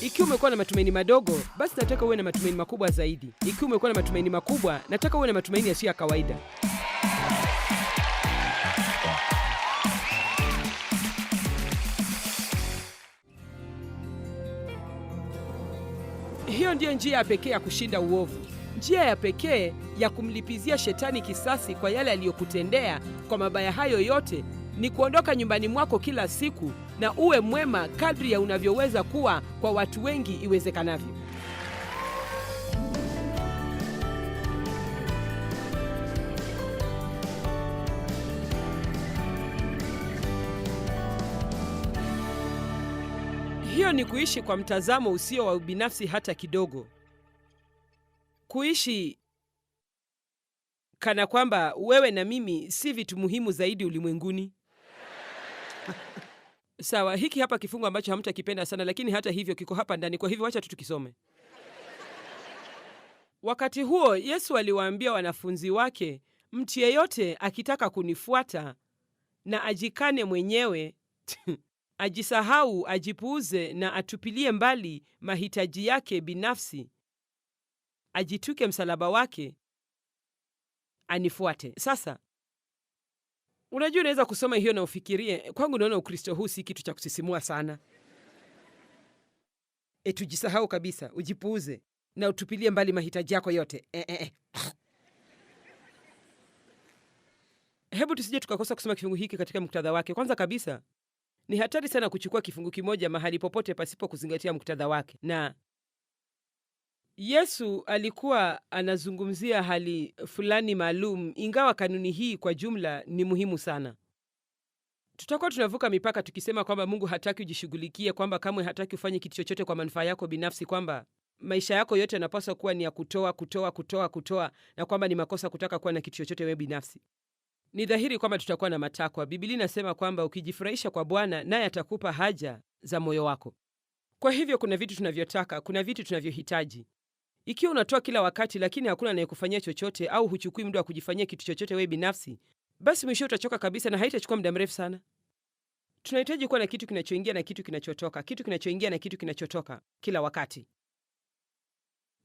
Ikiwa umekuwa na matumaini madogo, basi nataka uwe na matumaini makubwa zaidi. Ikiwa umekuwa na matumaini makubwa, nataka uwe na matumaini yasiyo ya kawaida. Hiyo ndiyo njia ya pekee ya kushinda uovu, njia ya pekee ya kumlipizia shetani kisasi kwa yale aliyokutendea. Kwa mabaya hayo yote ni kuondoka nyumbani mwako kila siku na uwe mwema kadri ya unavyoweza kuwa kwa watu wengi iwezekanavyo. Hiyo ni kuishi kwa mtazamo usio wa ubinafsi hata kidogo, kuishi kana kwamba wewe na mimi si vitu muhimu zaidi ulimwenguni. Sawa, hiki hapa kifungu ambacho hamtu akipenda sana, lakini hata hivyo kiko hapa ndani, kwa hivyo wacha tu tukisome. Wakati huo Yesu aliwaambia wanafunzi wake, mtu yeyote akitaka kunifuata na ajikane mwenyewe ajisahau, ajipuuze na atupilie mbali mahitaji yake binafsi, ajituke msalaba wake anifuate. Sasa Unajua, unaweza kusoma hiyo na ufikirie. Kwangu naona Ukristo huu si kitu cha kusisimua sana. E, tujisahau kabisa, ujipuuze na utupilie mbali mahitaji yako yote. E, e, e. Hebu tusije tukakosa kusoma kifungu hiki katika muktadha wake. Kwanza kabisa, ni hatari sana kuchukua kifungu kimoja mahali popote pasipo kuzingatia muktadha wake, na Yesu alikuwa anazungumzia hali fulani maalum, ingawa kanuni hii kwa jumla ni muhimu sana. Tutakuwa tunavuka mipaka tukisema kwamba Mungu hataki ujishughulikie, kwamba kamwe hataki ufanye kitu chochote kwa manufaa yako binafsi, kwamba maisha yako yote yanapaswa kuwa ni ya kutoa, kutoa, kutoa, kutoa, na kwamba ni makosa kutaka kuwa na kitu chochote wewe binafsi. Ni dhahiri kwamba tutakuwa na matakwa. Biblia inasema kwamba ukijifurahisha kwa Bwana naye atakupa haja za moyo wako. Kwa hivyo kuna vitu tunavyotaka, kuna vitu tunavyohitaji. Ikiwa unatoa kila wakati, lakini hakuna anayekufanyia chochote au huchukui muda wa kujifanyia kitu chochote wewe binafsi, basi mwisho utachoka kabisa na haitachukua muda mrefu sana. Tunahitaji kuwa na kitu kinachoingia na kitu kinachotoka, kitu kinachoingia na kitu kinachotoka kila wakati.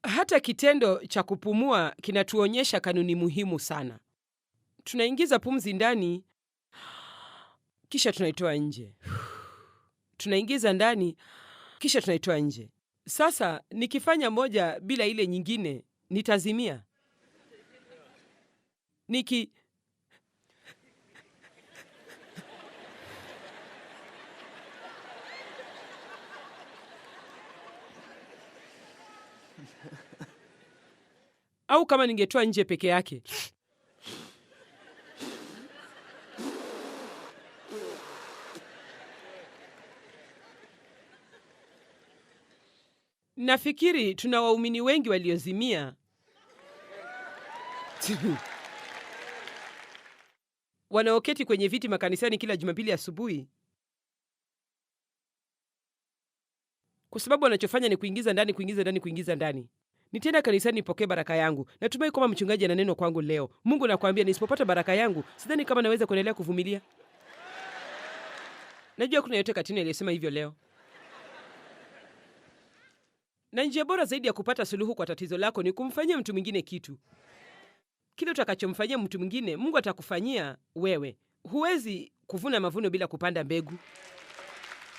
Hata kitendo cha kupumua kinatuonyesha kanuni muhimu sana. Tunaingiza pumzi ndani, kisha tunaitoa nje. Tunaingiza ndani, kisha tunaitoa nje. Sasa nikifanya moja bila ile nyingine nitazimia. Niki au kama ningetoa nje peke yake Nafikiri tuna waumini wengi waliozimia. Wanaoketi kwenye viti makanisani kila Jumapili asubuhi kwa sababu wanachofanya ni kuingiza ndani, kuingiza ndani, kuingiza ndani. Nitaenda kanisani nipokee baraka yangu. Natumai kwamba mchungaji ana neno kwangu leo. Mungu, nakwambia nisipopata baraka yangu, sidhani kama naweza kuendelea kuvumilia. Najua kuna yote katini aliyesema hivyo leo na njia bora zaidi ya kupata suluhu kwa tatizo lako ni kumfanyia mtu mwingine kitu. Kile utakachomfanyia mtu mwingine, Mungu atakufanyia wewe. Huwezi kuvuna mavuno bila kupanda mbegu.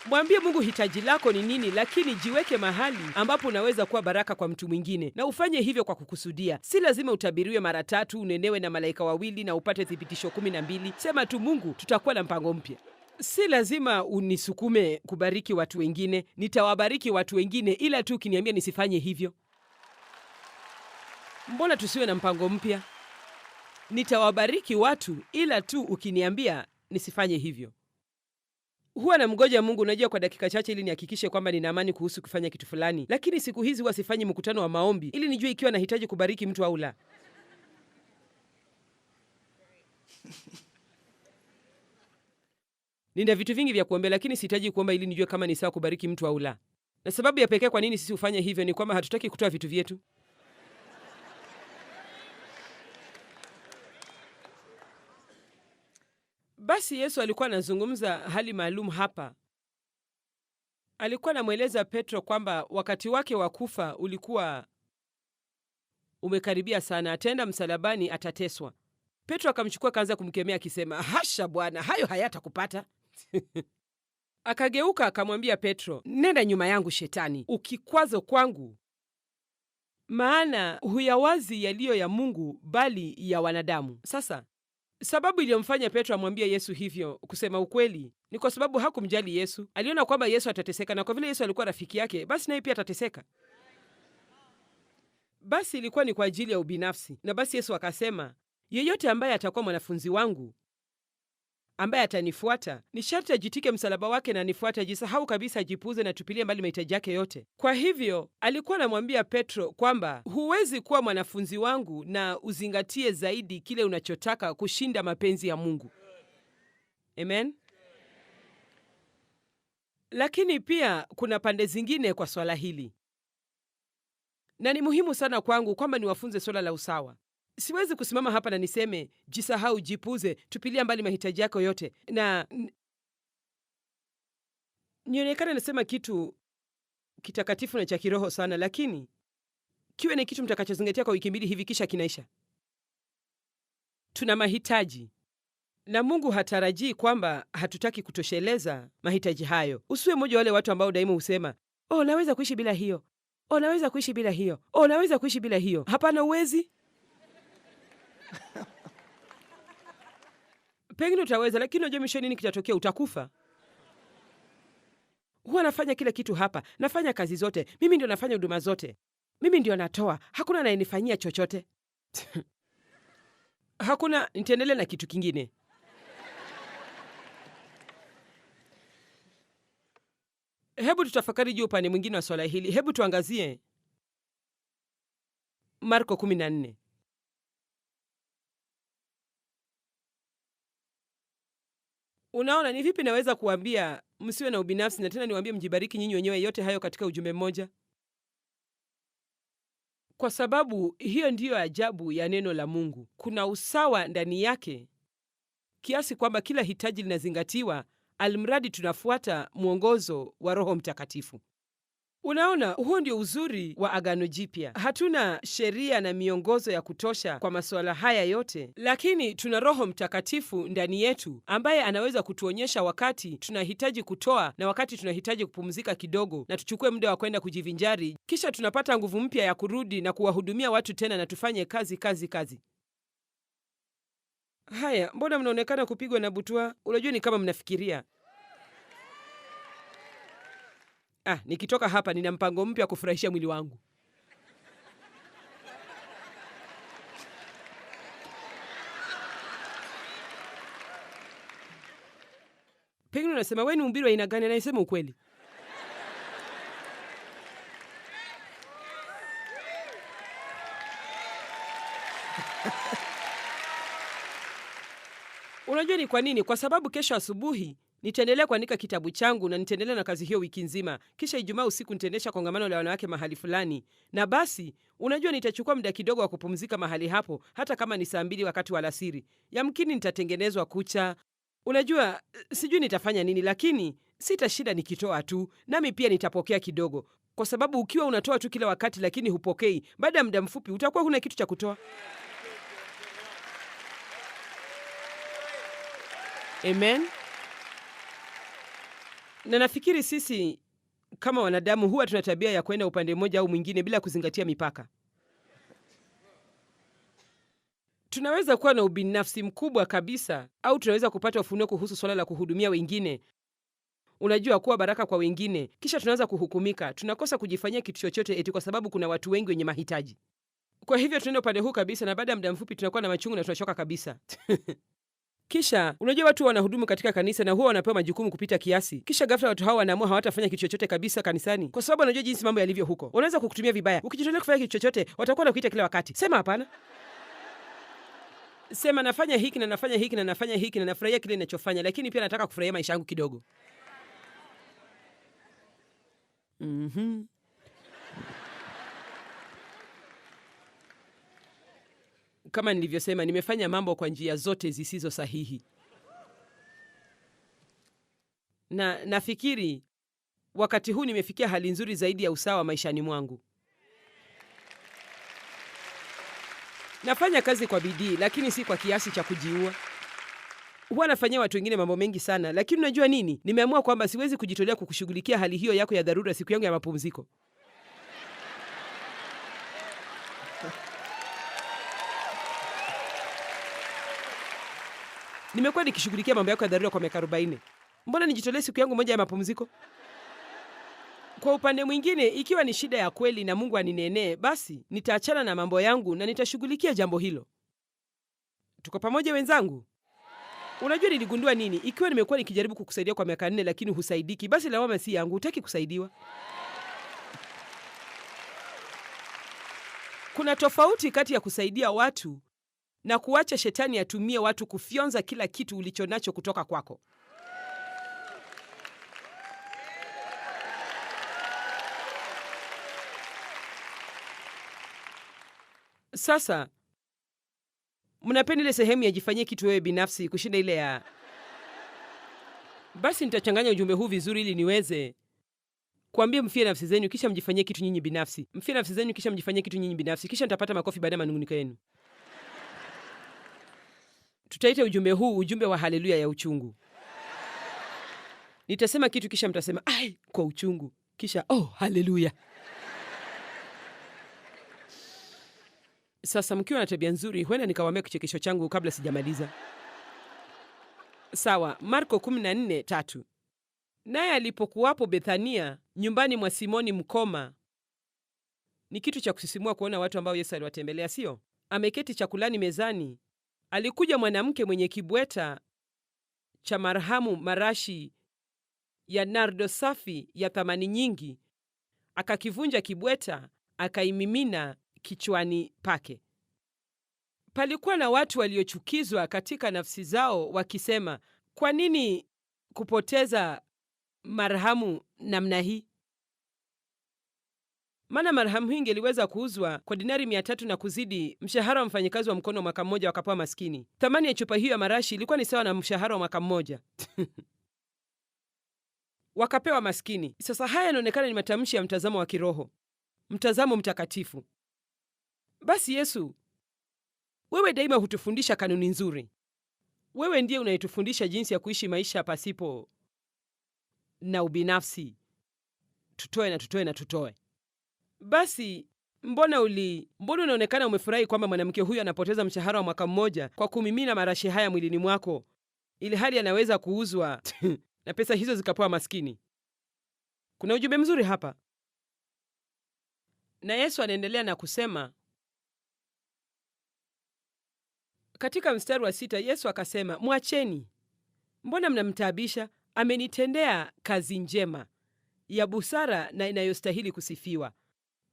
Mwambie Mungu hitaji lako ni nini, lakini jiweke mahali ambapo unaweza kuwa baraka kwa mtu mwingine, na ufanye hivyo kwa kukusudia. Si lazima utabiriwe mara tatu, unenewe na malaika wawili na upate thibitisho kumi na mbili. Sema tu, Mungu, tutakuwa na mpango mpya si lazima unisukume kubariki watu wengine, nitawabariki watu wengine, ila tu ukiniambia nisifanye hivyo. Mbona tusiwe na mpango mpya? Nitawabariki watu, ila tu ukiniambia nisifanye hivyo. Huwa na mgoja Mungu, unajua, kwa dakika chache ili nihakikishe kwamba nina amani kuhusu kufanya kitu fulani. Lakini siku hizi huwa sifanyi mkutano wa maombi ili nijue ikiwa nahitaji kubariki mtu au la. Nina vitu vingi vya kuombea, lakini sihitaji kuomba ili nijue kama ni sawa kubariki mtu au la. Na sababu ya pekee kwa nini sisi hufanya hivyo ni kwamba hatutaki kutoa vitu vyetu. Basi Yesu alikuwa anazungumza hali maalum hapa. Alikuwa anamweleza Petro kwamba wakati wake wa kufa ulikuwa umekaribia sana, ataenda msalabani, atateswa. Petro akamchukua akaanza kumkemea akisema, hasha Bwana, hayo hayatakupata. Akageuka akamwambia Petro, nenda nyuma yangu Shetani, ukikwazo kwangu, maana huyawazi yaliyo ya Mungu bali ya wanadamu. Sasa sababu iliyomfanya Petro amwambie Yesu hivyo, kusema ukweli, ni kwa sababu hakumjali Yesu. Aliona kwamba Yesu atateseka, na kwa vile Yesu alikuwa rafiki yake, basi naye pia atateseka. Basi ilikuwa ni kwa ajili ya ubinafsi, na basi Yesu akasema, yeyote ambaye atakuwa mwanafunzi wangu ambaye atanifuata ni sharti ajitike msalaba wake na anifuate, ajisahau kabisa, ajipuuze na tupilie mbali mahitaji yake yote. Kwa hivyo alikuwa anamwambia Petro kwamba huwezi kuwa mwanafunzi wangu na uzingatie zaidi kile unachotaka kushinda mapenzi ya Mungu. Amen. Lakini pia kuna pande zingine kwa swala hili, na ni muhimu sana kwangu kwamba niwafunze swala la usawa siwezi kusimama hapa na niseme jisahau, jipuze, tupilia mbali mahitaji yako yote na nionekana nasema kitu kitakatifu na cha kiroho sana, lakini kiwe ni kitu mtakachozingatia kwa wiki mbili hivi, kisha kinaisha. Tuna mahitaji na Mungu hatarajii kwamba hatutaki kutosheleza mahitaji hayo. Usiwe mmoja wale watu ambao daima husema oh, naweza kuishi bila hiyo, oh, naweza kuishi bila hiyo, oh, naweza kuishi bila hiyo. Hapana, uwezi pengine utaweza, lakini unajua mishoni nini kitatokea? Utakufa. Huwa nafanya kila kitu hapa, nafanya kazi zote mimi, ndio nafanya huduma zote mimi, ndio natoa, hakuna anayenifanyia chochote hakuna. Nitaendelea na kitu kingine. Hebu tutafakari juu upande mwingine wa swala hili. Hebu tuangazie Marko 14. Unaona ni vipi naweza kuambia msiwe na ubinafsi na tena niwaambie mjibariki nyinyi wenyewe, yote hayo katika ujumbe mmoja, kwa sababu hiyo ndiyo ajabu ya neno la Mungu. Kuna usawa ndani yake kiasi kwamba kila hitaji linazingatiwa, almradi tunafuata mwongozo wa Roho Mtakatifu. Unaona, huo ndio uzuri wa Agano Jipya. Hatuna sheria na miongozo ya kutosha kwa masuala haya yote, lakini tuna Roho Mtakatifu ndani yetu ambaye anaweza kutuonyesha wakati tunahitaji kutoa na wakati tunahitaji kupumzika kidogo na tuchukue muda wa kwenda kujivinjari, kisha tunapata nguvu mpya ya kurudi na kuwahudumia watu tena, na tufanye kazi kazi kazi. Haya, mbona mnaonekana kupigwa na butwa? Unajua, ni kama mnafikiria ah, nikitoka hapa nina mpango mpya wa kufurahisha mwili wangu. Pengine unasema wewe ni mhubiri wa aina gani anayesema ukweli? Unajua ni kwa nini? Kwa sababu kesho asubuhi Nitaendelea kuandika kitabu changu na nitaendelea na kazi hiyo wiki nzima, kisha Ijumaa usiku nitaendesha kongamano la wanawake mahali fulani, na basi, unajua, nitachukua muda kidogo wa kupumzika mahali hapo, hata kama ni saa mbili wakati wa lasiri Yamkini nitatengenezwa kucha, unajua, sijui nitafanya nini, lakini sitashinda nikitoa tu, nami pia nitapokea kidogo, kwa sababu ukiwa unatoa tu kila wakati lakini hupokei, baada ya muda mfupi utakuwa huna kitu cha kutoa. Amen na nafikiri sisi kama wanadamu huwa tuna tabia ya kwenda upande mmoja au mwingine bila kuzingatia mipaka. Tunaweza kuwa na ubinafsi mkubwa kabisa, au tunaweza kupata ufunuo kuhusu swala la kuhudumia wengine, unajua, kuwa baraka kwa wengine, kisha tunaanza kuhukumika. Tunakosa kujifanyia kitu chochote eti kwa sababu kuna watu wengi wenye mahitaji. Kwa hivyo tunaenda upande huu kabisa, na baada ya muda mfupi tunakuwa na machungu na tunachoka kabisa. Kisha unajua watu wanahudumu katika kanisa na huwa wanapewa majukumu kupita kiasi, kisha ghafla watu hao wanaamua hawatafanya kitu chochote kabisa kanisani, kwa sababu wanajua jinsi mambo yalivyo huko. Wanaweza kukutumia vibaya. Ukijitolea kufanya kitu chochote, watakuwa kuita kila wakati, sema hapana sema nafanya hiki na nafanya hiki na nafanya hiki na nafurahia kile ninachofanya, lakini pia nataka kufurahia maisha yangu kidogo. mm -hmm. kama nilivyosema, nimefanya mambo kwa njia zote zisizo sahihi, na nafikiri wakati huu nimefikia hali nzuri zaidi ya usawa maishani mwangu. Nafanya kazi kwa bidii, lakini si kwa kiasi cha kujiua. Huwa nafanyia watu wengine mambo mengi sana, lakini unajua nini, nimeamua kwamba siwezi kujitolea kukushughulikia hali hiyo yako ya dharura siku yangu ya mapumziko. Nimekuwa nikishughulikia mambo yako ya dharura kwa miaka arobaini. Mbona nijitolee siku yangu moja ya mapumziko? Kwa upande mwingine, ikiwa ni shida ya kweli na Mungu aninenee, basi nitaachana na mambo yangu na nitashughulikia jambo hilo. Tuko pamoja wenzangu? Unajua niligundua nini? Ikiwa nimekuwa nikijaribu kukusaidia kwa miaka nne lakini husaidiki, basi lawama si yangu. Hutaki kusaidiwa. Kuna tofauti kati ya kusaidia watu na kuacha shetani atumie watu kufyonza kila kitu ulichonacho kutoka kwako. Sasa mnapenda ile sehemu yajifanyie kitu wewe binafsi kushinda ile ya basi. Nitachanganya ujumbe huu vizuri ili niweze kuambia mfie nafsi zenu, kisha mjifanyie kitu nyinyi binafsi, mfie nafsi zenu, kisha mjifanyie kitu nyinyi binafsi, kisha nitapata makofi baada ya manunguniko yenu tutaita ujumbe huu ujumbe wa haleluya ya uchungu. Nitasema kitu kisha mtasema ai, kwa uchungu, kisha oh, haleluya. Sasa mkiwa na tabia nzuri, huenda nikawambia kichekesho changu kabla sijamaliza. Sawa, Marko 14:3 Naye alipokuwapo Bethania, nyumbani mwa Simoni mkoma. Ni kitu cha kusisimua kuona watu ambao Yesu aliwatembelea, sio? Ameketi chakulani mezani, Alikuja mwanamke mwenye kibweta cha marhamu marashi ya nardo safi ya thamani nyingi, akakivunja kibweta, akaimimina kichwani pake. Palikuwa na watu waliochukizwa katika nafsi zao, wakisema, kwa nini kupoteza marhamu namna hii? maana marhamu hii ingeliweza kuuzwa kwa dinari mia tatu na kuzidi mshahara wa mfanyikazi wa mkono mwaka mmoja wakapewa maskini. Thamani ya chupa hiyo ya marashi ilikuwa ni sawa na mshahara wa mwaka mmoja wakapewa maskini. Sasa haya yanaonekana ni matamshi ya mtazamo wa kiroho, mtazamo mtakatifu. Basi Yesu, wewe daima hutufundisha kanuni nzuri. Wewe ndiye unayetufundisha jinsi ya kuishi maisha pasipo na ubinafsi, tutoe na tutoe na tutoe. Basi mbona uli mbona unaonekana umefurahi kwamba mwanamke huyu anapoteza mshahara wa mwaka mmoja kwa kumimina marashi haya mwilini mwako, ili hali anaweza kuuzwa na pesa hizo zikapewa maskini? Kuna ujumbe mzuri hapa, na Yesu anaendelea na kusema katika mstari wa sita, Yesu akasema, mwacheni, mbona mnamtaabisha? Amenitendea kazi njema ya busara na inayostahili kusifiwa,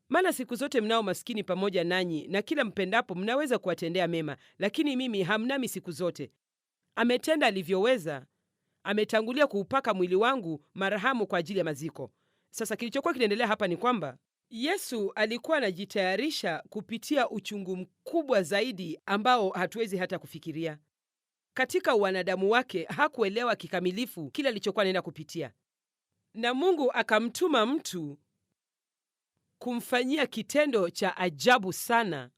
maana siku zote mnao maskini pamoja nanyi, na kila mpendapo mnaweza kuwatendea mema, lakini mimi hamnami siku zote. Ametenda alivyoweza, ametangulia kuupaka mwili wangu marahamu kwa ajili ya maziko. Sasa kilichokuwa kinaendelea hapa ni kwamba Yesu alikuwa anajitayarisha kupitia uchungu mkubwa zaidi ambao hatuwezi hata kufikiria. Katika uwanadamu wake hakuelewa kikamilifu kile alichokuwa anaenda kupitia, na Mungu akamtuma mtu kumfanyia kitendo cha ajabu sana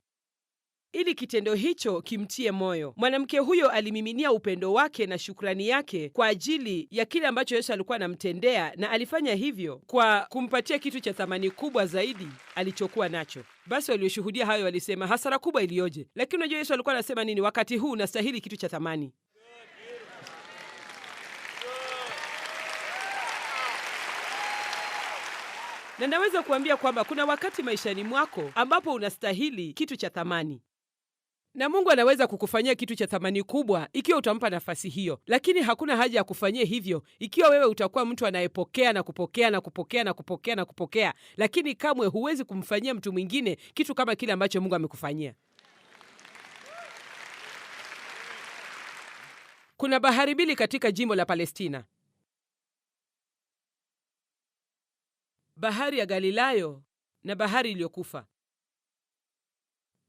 ili kitendo hicho kimtie moyo. Mwanamke huyo alimiminia upendo wake na shukrani yake kwa ajili ya kile ambacho Yesu alikuwa anamtendea, na alifanya hivyo kwa kumpatia kitu cha thamani kubwa zaidi alichokuwa nacho. Basi walioshuhudia hayo walisema, hasara kubwa iliyoje! Lakini unajua Yesu alikuwa anasema nini? Wakati huu unastahili kitu cha thamani. na naweza kuambia kwamba kuna wakati maishani mwako ambapo unastahili kitu cha thamani na Mungu anaweza kukufanyia kitu cha thamani kubwa ikiwa utampa nafasi hiyo, lakini hakuna haja ya kufanyia hivyo ikiwa wewe utakuwa mtu anayepokea na kupokea na kupokea na kupokea na kupokea, lakini kamwe huwezi kumfanyia mtu mwingine kitu kama kile ambacho Mungu amekufanyia. Kuna bahari mbili katika jimbo la Palestina. bahari ya Galilayo na bahari iliyokufa.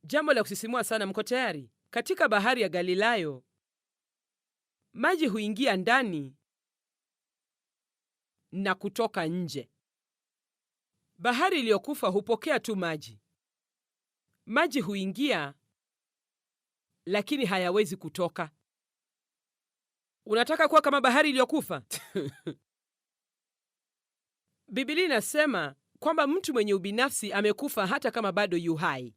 Jambo la kusisimua sana, mko tayari? Katika bahari ya Galilayo maji huingia ndani na kutoka nje. Bahari iliyokufa hupokea tu maji. Maji huingia lakini hayawezi kutoka. Unataka kuwa kama bahari iliyokufa? Biblia inasema kwamba mtu mwenye ubinafsi amekufa hata kama bado yu hai.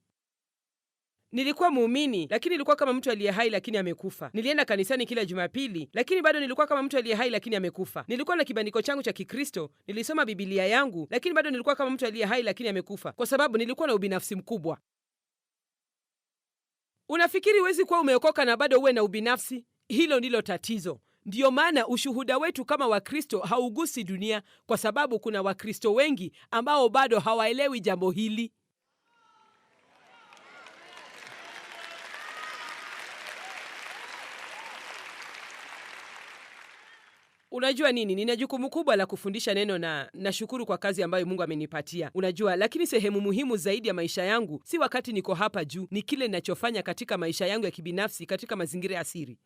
Nilikuwa muumini lakini nilikuwa kama mtu aliye hai lakini amekufa. Nilienda kanisani kila Jumapili lakini bado nilikuwa kama mtu aliye hai lakini amekufa. Nilikuwa na kibandiko changu cha Kikristo, nilisoma Bibilia yangu lakini bado nilikuwa kama mtu aliye hai lakini amekufa, kwa sababu nilikuwa na ubinafsi mkubwa. Unafikiri huwezi kuwa umeokoka na bado uwe na ubinafsi? Hilo ndilo tatizo. Ndiyo maana ushuhuda wetu kama Wakristo haugusi dunia, kwa sababu kuna Wakristo wengi ambao bado hawaelewi jambo hili. Unajua nini, nina jukumu kubwa la kufundisha neno na nashukuru kwa kazi ambayo Mungu amenipatia, unajua. Lakini sehemu muhimu zaidi ya maisha yangu si wakati niko hapa juu, ni kile ninachofanya katika maisha yangu ya kibinafsi, katika mazingira ya siri.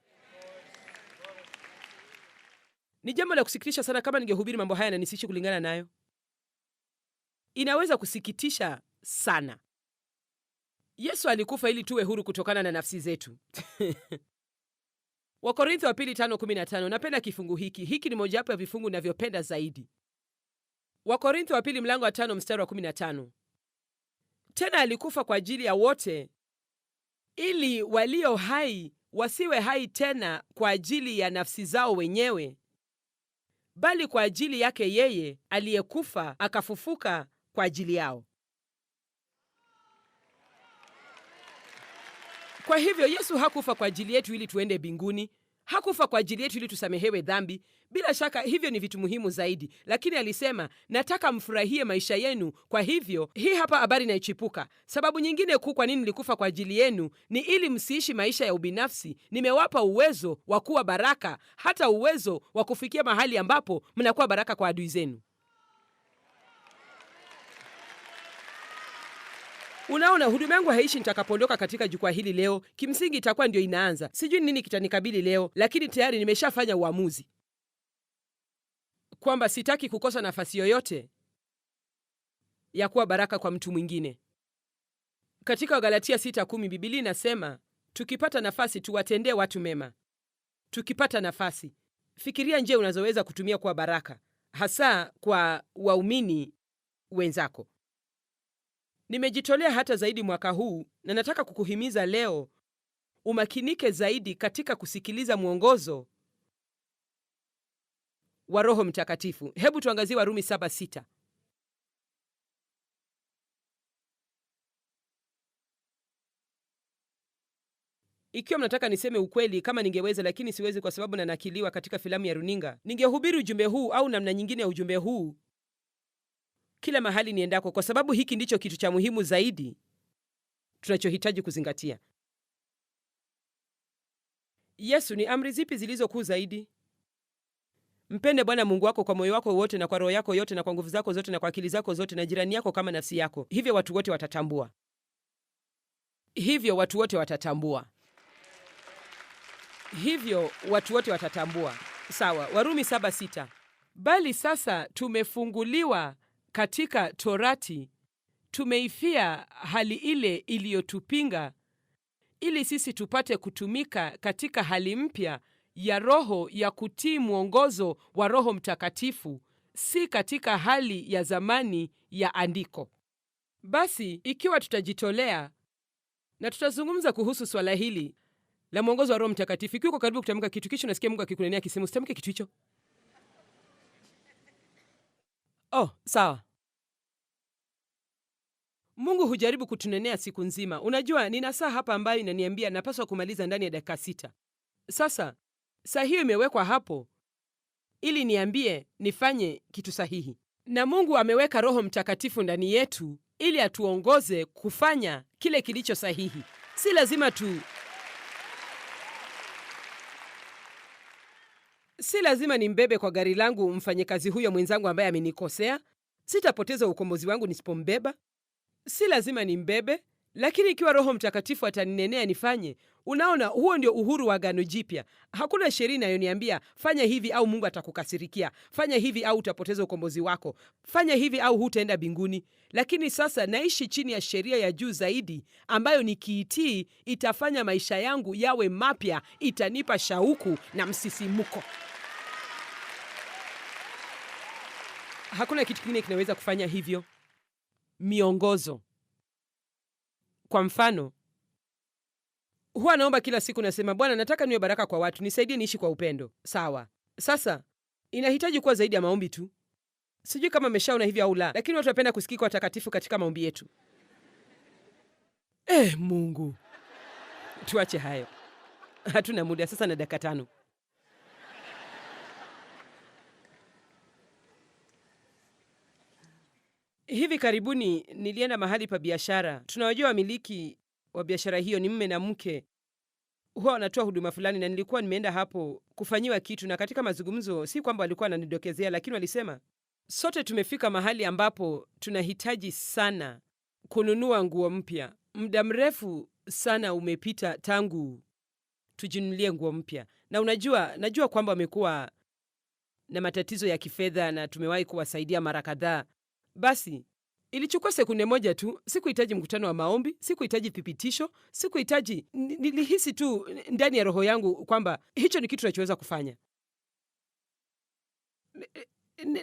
Ni jambo la kusikitisha sana kama ningehubiri mambo haya na nisiishi kulingana nayo. Inaweza kusikitisha sana. Yesu alikufa ili tuwe huru kutokana na nafsi zetu. Wakorintho wa pili tano kumi na tano. Napenda kifungu hiki. Hiki ni mojawapo ya vifungu navyopenda zaidi. Wakorintho wa pili mlango wa tano mstari wa kumi na tano. Tena alikufa kwa ajili ya wote ili walio hai wasiwe hai tena kwa ajili ya nafsi zao wenyewe, bali kwa ajili yake yeye aliyekufa akafufuka kwa ajili yao. Kwa hivyo Yesu hakufa kwa ajili yetu ili tuende binguni hakufa kwa ajili yetu ili tusamehewe dhambi. Bila shaka hivyo ni vitu muhimu zaidi, lakini alisema, nataka mfurahie maisha yenu. Kwa hivyo hii hapa habari inayochipuka. Sababu nyingine kuu kwa nini nilikufa kwa ajili yenu ni ili msiishi maisha ya ubinafsi. Nimewapa uwezo wa kuwa baraka, hata uwezo wa kufikia mahali ambapo mnakuwa baraka kwa adui zenu. Unaona, huduma yangu haishi nitakapoondoka katika jukwaa hili leo. Kimsingi itakuwa ndio inaanza. Sijui nini kitanikabili leo, lakini tayari nimeshafanya uamuzi kwamba sitaki kukosa nafasi yoyote ya kuwa baraka kwa mtu mwingine. Katika Wagalatia 6:10 Biblia inasema tukipata nafasi tuwatendee watu mema. Tukipata nafasi, fikiria njia unazoweza kutumia kuwa baraka, hasa kwa waumini wenzako. Nimejitolea hata zaidi mwaka huu na nataka kukuhimiza leo umakinike zaidi katika kusikiliza mwongozo wa Roho Mtakatifu. Hebu tuangazie Warumi 7:6. Ikiwa mnataka niseme ukweli, kama ningeweza, lakini siwezi kwa sababu nanakiliwa katika filamu ya runinga, ningehubiri ujumbe huu au namna nyingine ya ujumbe huu kila mahali niendako, kwa sababu hiki ndicho kitu cha muhimu zaidi tunachohitaji kuzingatia. Yesu, ni amri zipi zilizokuu zaidi? Mpende Bwana Mungu wako kwa moyo wako wote na kwa roho yako yote na kwa nguvu zako zote na kwa akili zako zote na jirani yako kama nafsi yako. Hivyo watu wote watatambua. Hivyo watu wote watatambua. Hivyo watu wote watatambua. Sawa, Warumi saba sita. Bali sasa tumefunguliwa katika Torati tumeifia hali ile iliyotupinga ili sisi tupate kutumika katika hali mpya ya roho ya kutii mwongozo wa Roho Mtakatifu, si katika hali ya zamani ya andiko. Basi ikiwa tutajitolea na tutazungumza kuhusu swala hili la mwongozo wa Roho Mtakatifu, ikiwa uko karibu kutamka kitu kicho, nasikia Mungu akikunenea akisema usitamke kitu hicho, oh, sawa Mungu hujaribu kutunenea siku nzima. Unajua, nina saa hapa ambayo inaniambia napaswa kumaliza ndani ya dakika sita. Sasa saa hiyo imewekwa hapo ili niambie nifanye kitu sahihi, na Mungu ameweka Roho Mtakatifu ndani yetu ili atuongoze kufanya kile kilicho sahihi. Si lazima tu, si lazima nimbebe kwa gari langu mfanyakazi huyo mwenzangu ambaye amenikosea. Sitapoteza ukombozi wangu nisipombeba si lazima nimbebe, lakini ikiwa Roho Mtakatifu ataninenea nifanye. Unaona, huo ndio uhuru wa gano Jipya. Hakuna sheria inayoniambia fanya hivi au Mungu atakukasirikia, fanya hivi au utapoteza ukombozi wako, fanya hivi au hutaenda binguni Lakini sasa naishi chini ya sheria ya juu zaidi, ambayo nikiitii itafanya maisha yangu yawe mapya, itanipa shauku na msisimko Hakuna kitu kingine kinaweza kufanya hivyo miongozo. Kwa mfano, huwa naomba kila siku, nasema Bwana, nataka niwe baraka kwa watu, nisaidie niishi kwa upendo. Sawa, sasa inahitaji kuwa zaidi ya maombi tu. Sijui kama ameshaona hivyo au la, lakini watu wanapenda kusikika watakatifu katika maombi yetu. Eh, Mungu, tuache hayo, hatuna muda sasa na dakika tano. Hivi karibuni nilienda mahali pa biashara. Tunawajua wamiliki wa biashara hiyo ni mme na mke, huwa wanatoa huduma fulani, na nilikuwa nimeenda hapo kufanyiwa kitu, na katika mazungumzo, si kwamba walikuwa wananidokezea, lakini walisema sote tumefika mahali ambapo tunahitaji sana kununua nguo mpya. Muda mrefu sana umepita tangu tujinunulie nguo mpya, na unajua, najua kwamba wamekuwa na matatizo ya kifedha na tumewahi kuwasaidia mara kadhaa basi ilichukua sekunde moja tu. Sikuhitaji mkutano wa maombi, sikuhitaji thibitisho, sikuhitaji. Nilihisi tu ndani ya roho yangu kwamba hicho ni kitu nachoweza kufanya.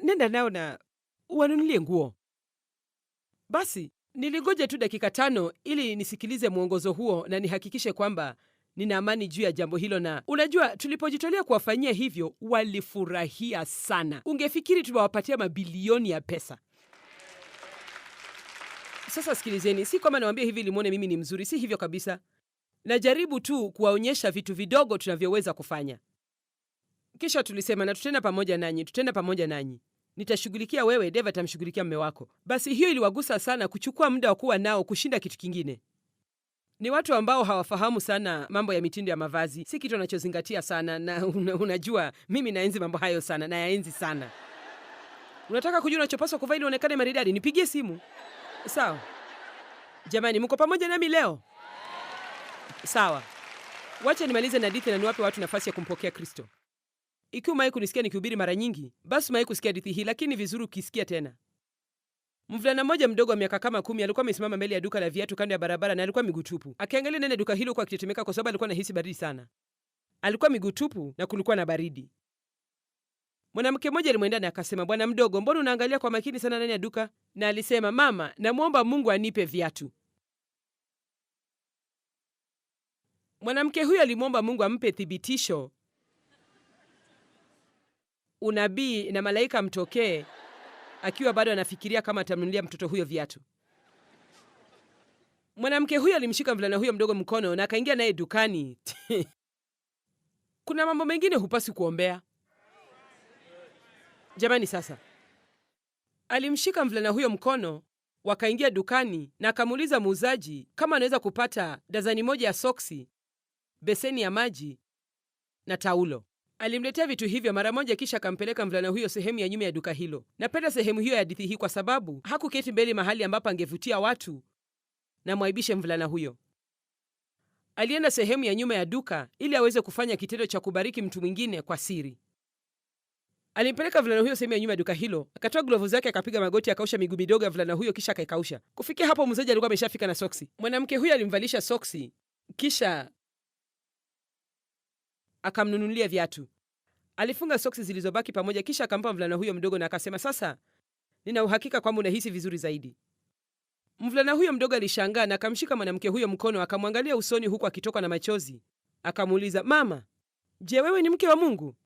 Nenda nao na wanunulie nguo. Basi niligoja tu dakika tano ili nisikilize mwongozo huo na nihakikishe kwamba nina amani juu ya jambo hilo. Na unajua, tulipojitolea kuwafanyia hivyo, walifurahia sana. Ungefikiri tumewapatia mabilioni ya pesa. Sasa sikilizeni, si kwamba nawambia hivi limuone mimi ni mzuri, si hivyo kabisa. Najaribu tu kuwaonyesha vitu vidogo tunavyoweza kufanya. Kisha tulisema na tutaenda pamoja nanyi, tutenda pamoja nanyi, nitashughulikia wewe, Deva atamshughulikia mme wako. Basi hiyo iliwagusa sana, kuchukua muda wa kuwa nao kushinda kitu kingine. Ni watu ambao hawafahamu sana mambo ya mitindo ya mavazi, si kitu anachozingatia sana, na una, unajua mimi naenzi mambo hayo sana, nayaenzi sana. Unataka kujua unachopaswa kuvaa ili uonekane maridadi? Nipigie simu. Sawa jamani, mko pamoja nami leo? Sawa, wacha nimalize na dithi na niwape watu nafasi ya kumpokea Kristo. Ikiwa umewahi kunisikia nikihubiri mara nyingi, basi umewahi kusikia dithi hii, lakini vizuri ukisikia tena. Mvulana mmoja mdogo wa miaka kama kumi alikuwa amesimama mbele ya duka la viatu kando ya barabara, na alikuwa miguu tupu, akiangalia ndani ya duka hilo huku akitetemeka, kwa sababu alikuwa anahisi baridi sana. Alikuwa miguu tupu na kulikuwa na baridi. Mwanamke mmoja alimwendea na akasema, bwana mdogo, mbona unaangalia kwa makini sana ndani ya duka? Na alisema, mama, namwomba Mungu anipe viatu. Mwanamke huyo alimwomba Mungu ampe thibitisho, unabii na malaika mtokee akiwa bado anafikiria kama atamnunulia mtoto huyo viatu. Mwanamke huyo alimshika mvulana huyo mdogo mkono na akaingia naye dukani. Kuna mambo mengine hupasi kuombea. Jamani, sasa alimshika mvulana huyo mkono, wakaingia dukani na akamuuliza muuzaji kama anaweza kupata dazani moja ya soksi, beseni ya maji na taulo. Alimletea vitu hivyo mara moja, kisha akampeleka mvulana huyo sehemu ya nyuma ya duka hilo. Napenda sehemu hiyo ya hadithi hii kwa sababu hakuketi mbele mahali ambapo angevutia watu na mwaibishe mvulana huyo. Alienda sehemu ya nyuma ya duka ili aweze kufanya kitendo cha kubariki mtu mwingine kwa siri. Alimpeleka mvulana huyo sehemu ya nyuma ya duka hilo, akatoa glovu zake, akapiga magoti, akaosha miguu midogo ya mvulana huyo, kisha akaikausha. Kufikia hapo, muuzaji alikuwa ameshafika na soksi. Mwanamke huyo alimvalisha soksi, kisha akamnunulia viatu. Alifunga soksi zilizobaki pamoja, kisha akampa mvulana huyo mdogo na akasema, sasa nina uhakika kwamba unahisi vizuri zaidi. Mvulana huyo mdogo alishangaa na akamshika mwanamke huyo mkono, akamwangalia usoni, huku akitokwa na machozi. Akamuuliza, mama, je, wewe ni mke wa Mungu?